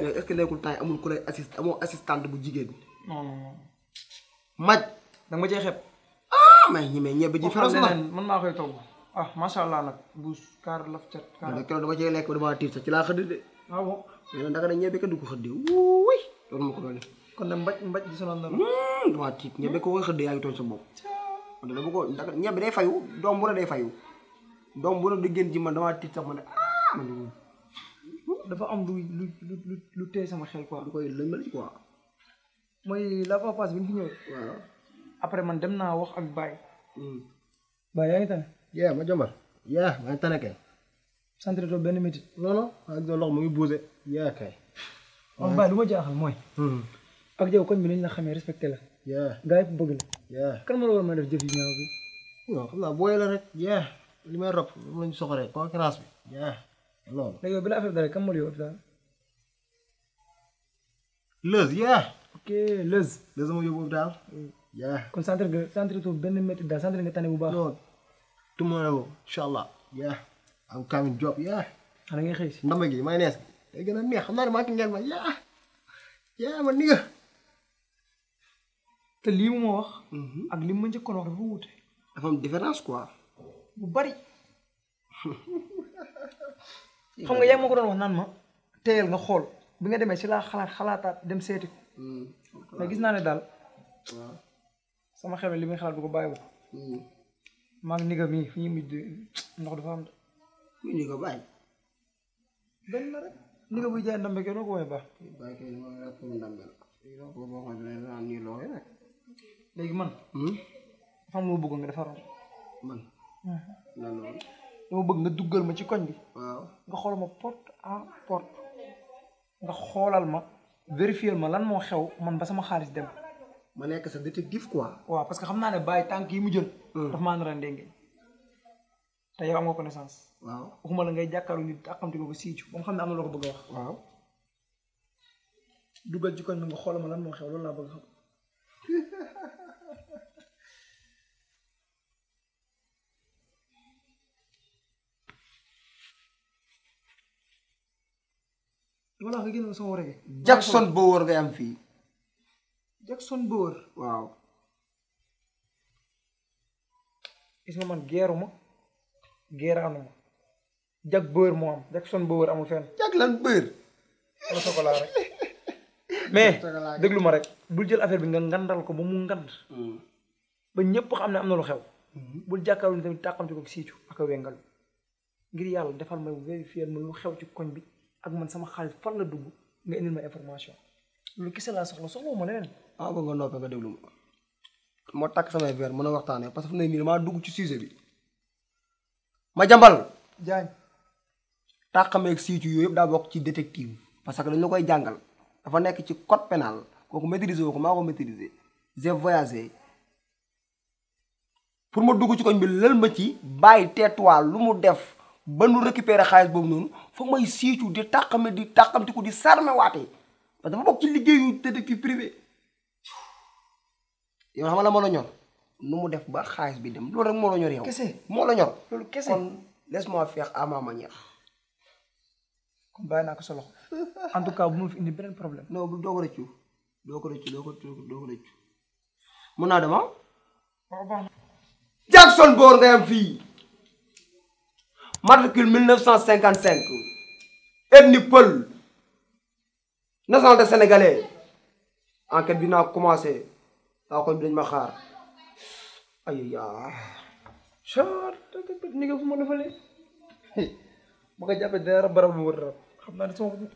est-ce que nekkul temps amul ku lay assist amoo assistante bu jigéen. non non non. maj. ah mais ñi mais ñebe ji. man maa koy togg. ah macha allah nag bu kaar laf cat. kaar nag keroog dama ci laa xëdd de. ah bon mais nag ndaka hmm, ñebe kat du ko xëddee kon nag mbaj mbaj di doom bu day fayu doom bu ne gën ji man dama ma dafa am lu lu sama xel quoi. mooy la fois passée bi ñu ñëwee. après man dem naa wax ak Baye. Baye yaa ngi tane. yee ma jomba yee maa ngi tane kay. sant nañu toog benn métit. non non ak doo loxo mu ngi bousee. yee kay. waaw Baye lu ma jaaxal mooy. ma hmm. a def jëf yu ñaaw naa booy la rek. yee li may rob moom la ñu soxoree concurrence bi. yee loolu. léegi Lëz Lëz. Lëz moo yóbbu daal. Hmm. yee kon centre nga centre benn métit daal centre nga tane bu baax. tomorrow inshallah yeah I'm coming job yeah xanaa nga xëy si ndama gi may nees gën a neex ngeen ma yaa yaa ma ni te lii mu ma wax mhm. ak li mu ma njëkkoon wax dafa wute am différence quoi bu bari xam nga yaa ma ko doon wax naan ma teyel nga xool bi nga demee si laa xalaat xalaataat dem seeti ko mm, mais gis naa ne daal sama xel li muy xalaat du ko bàyyi mm. maa ngi nii fu ñuy mujj ndox dafa am. muy nii ko bàyyi. benn rek. jaay ndàmbe kenn ko woy baax. bàyyi dafa bëgg nga man. Hmm. lan bëgg nga duggal ma ci koñ bi. waaw nga xoolal ma porte ma. ma lan moo xew man ba sama xaalis dem. ma nekk sa détective quoi. waaw parce que xam naa ne bàyyi tànk yi mu jël. Hmm. daf maa nar a ndenge te yow am nga connaissance. waaw waxuma ngay jàkkaaru nit àqamti ko siiju ba mu xam ne am na loo ko bëgg a wax. waaw dugal nga xoolal ma moo xew loolu laa bëgg a xam. voilà nga génn sama wóor Jackson boo wóor ngay am fii. Jackson Boer waaw gis man geeru ma geeraanu ma Jack moo am Jackson Boer amul fenn. Jack lan mais déglu ma rek bul jël affaire bi nga ngandal ko ba mu ngand. Hmm. ba ñëpp xam ne am na lu xew. Hmm. bul jàkkaarloo ni tamit tàqamti ko siicu ak a ngir yàlla defal ma vérifier ma lu xew ci koñ bi ak man sama xaalis fan la dugg nga indil ma information. lu kese laa soxla soxla ma leneen. ah ba nga noppee nga déglu ma moo takk samay verre mën a waxtaanee parce que fu ne nii maa dugg ci sujet bi ma jambal. jaañ tàqameeg siitu yooyu yëpp daa bokk ci détective parce que dañ la koy jàngal dafa nekk ci code pénal kooku maîtriser woo ko maa ko maîtriser j'ai voyagé pour ma dugg ci koñ bi lël ma ci bàyyi teetuwaal lu mu def ba nu récupérer xaalis boobu noonu fa may siitu di tàqame di tàqamtiku di sarme waatee parce que dafa bokk ci liggéeyu détective privé yow xam la moo la ñor nu mu def ba xaalis bi dem loolu rek moo la ñor yow. kese moo la ñor loolu kese kon laisse-moi faire à ma manière. naa ko sa en tout cas bu mu fi indi problème. non bu doo ko rëccu doo ko rëccu doo ko doo ko rëccu mun naa dem ah. Jackson Boor ngay am fii pël. nationalité sénégalais enquête bi naa commencé waa koñ bi dañ ma xaar ay yaa char ni nga ma defalee ma ko jàppee dara barab bu wër xam naa ne sama